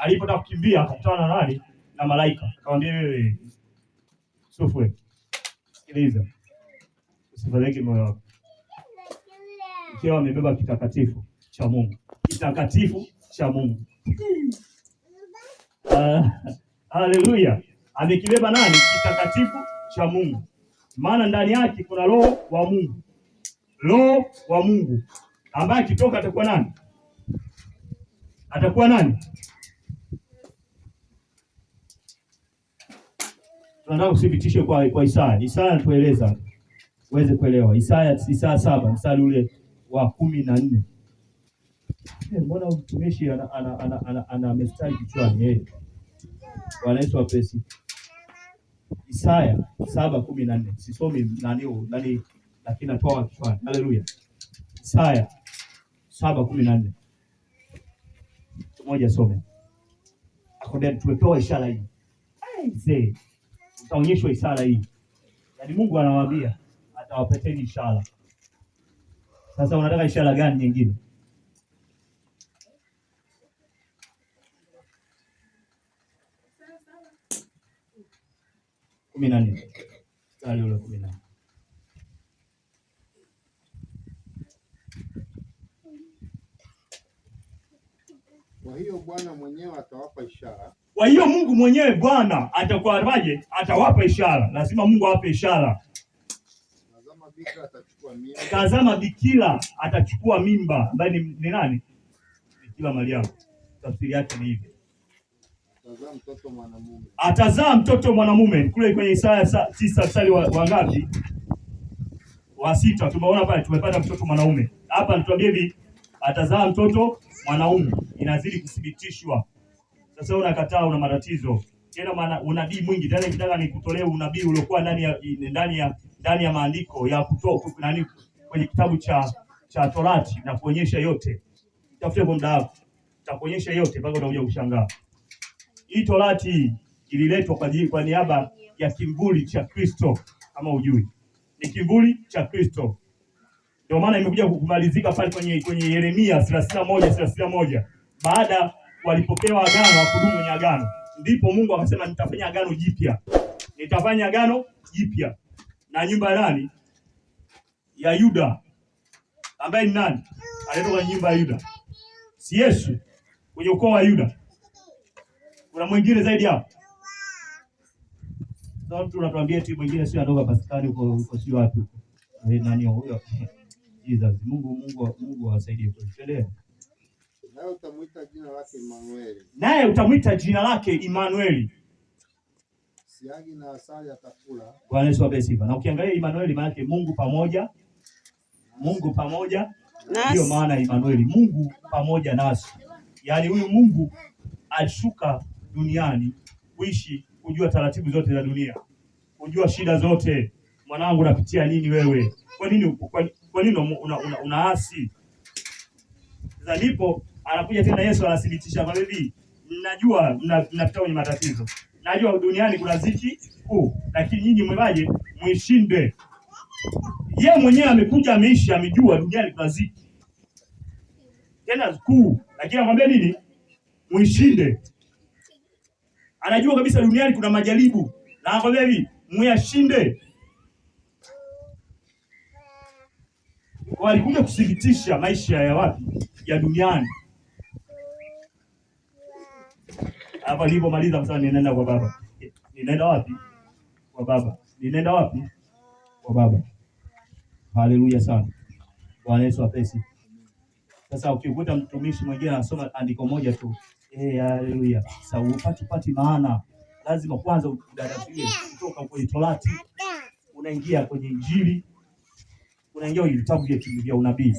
alipotaka kukimbia akakutana na nani? Na malaika. Akamwambia wewe Yusuf, sikiliza. Usifadhaike moyo wako. Ikiwa amebeba kitakatifu cha Mungu. Kitakatifu cha Mungu. Uh, haleluya. Amekibeba nani? Kitakatifu cha Mungu. Maana ndani yake kuna roho wa Mungu. Roho wa Mungu ambaye akitoka atakuwa nani? Atakuwa nani? tunataka uthibitishe kwa, kwa Isaya. Isaya anatueleza uweze kuelewa. Isaya Isaya saba mstari ule wa kumi na nne. Eh, mbona mtumishi ana, ana, ana, ana, ana mstari kichwani yeye? Eh? Bwana Yesu apesi. Isaya saba kumi na nne. Sisomi nani nani, lakini natoa kichwani. Haleluya. Isaya saba kumi na nne. Mmoja some. Akwambia tumepewa ishara hii. Hey, tutaonyeshwa ishara hii. Yaani Mungu anawaambia atawapeteni ishara. Sasa unataka ishara gani nyingine? kumi na nne mstari ule kumi na nne Kwa hiyo Bwana mwenyewe atawapa ishara kwa hiyo Mungu mwenyewe Bwana atakuwa Atawapa ishara. Lazima Mungu awape ishara. Tazama, bikira atachukua mimba ambaye ni, ni nani? Bikira Mariamu. Tafsiri yake ni hivi, atazaa mtoto mwanamume. Kule kwenye Isaya tisa mstari wa, wa ngapi? Wa sita. Tumeona pale, tumepata mtoto mwanaume. Hapa natuambia hivi, atazaa mtoto mwanaume, inazidi kuthibitishwa. Sasa unakataa, una matatizo tena, maana unabii mwingi tena. Nikitaka nikutolee unabii uliokuwa ndani ya ndani ya ndani ya maandiko ya kutoka nani, kwenye kitabu cha cha Torati na kuonyesha yote. Tafute kwa muda wako, takuonyesha yote mpaka utakuja kushangaa. Hii Torati ililetwa kwa ajili kwa niaba ya kivuli cha Kristo, kama ujui, ni kivuli cha Kristo. Ndio maana imekuja kumalizika pale kwenye kwenye Yeremia 31 31 baada walipokewa agano wa kudumu kwenye agano, ndipo Mungu akasema nitafanya agano jipya, nitafanya agano jipya na nyumba ya nani? Ya Yuda, ambaye ni nani? Alitoka nyumba ya Yuda, si Yesu kwenye ukoo wa Yuda. Kuna mwingine zaidi hapo? Sasa mtu anatuambia eti mwingine sio anatoka pastari uko uko sio wapi huko, nani huyo? Jesus, Mungu Mungu Mungu awasaidie. kwa Tuendelee naye utamwita jina lake Immanueli, naye utamwita jina lake Immanueli. Siagi na asali atakula. Bwana Yesu apewe sifa. Na ukiangalia Immanueli maana yake Mungu pamoja, Mungu pamoja, ndiyo maana Immanueli, Mungu pamoja nasi. Yaani huyu Mungu alishuka duniani kuishi, kujua taratibu zote za dunia, kujua shida zote. Mwanangu, unapitia nini wewe? Kwa nini kwa, kwa nini unaasi una, una sasa nipo anakuja tena Yesu anathibitisha, mabebi, mnajua mnapita kwenye matatizo, najua duniani kuna ziki kuu, lakini nyinyi mwebaje mwishinde. Yeye mwenyewe amekuja ameishi, amejua duniani kuna ziki tena kuu, lakini anamwambia nini? Mwishinde. Anajua kabisa duniani kuna majaribu, na anakwambia hivi, mwishinde. Walikuja kusikitisha maisha ya wapi? Ya duniani. Hapa maliza msana ninaenda kwa baba. Ninaenda wapi? Kwa baba. Ninaenda wapi? Kwa baba. Haleluya sana. Bwana Yesu apesi. Sasa ukikuta mtumishi mwingine anasoma andiko moja tu, eh, haleluya. Sasa upati pati maana lazima kwanza udadavie kutoka kwenye Torati unaingia kwenye Injili unaingia kwenye vitabu vya vya unabii.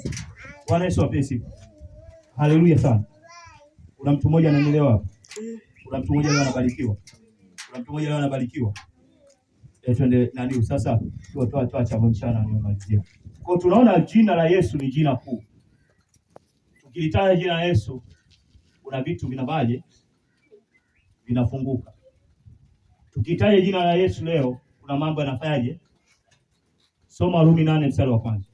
Bwana Yesu apesi. Haleluya sana. Kuna mtu mmoja ananielewa? hapa? Kuna mtu mmoja leo anabarikiwa, kuna mtu mmoja leo anabarikiwa. E, twende nani sasa, tuwa toa toa cha ni nimalizia. Kwa tunaona jina la Yesu ni jina kuu. Tukilitaja jina la Yesu kuna vitu vinabaje vinafunguka. Tukitaja jina la Yesu leo kuna mambo yanafanyaje? Soma Warumi nane mstari wa kwanza.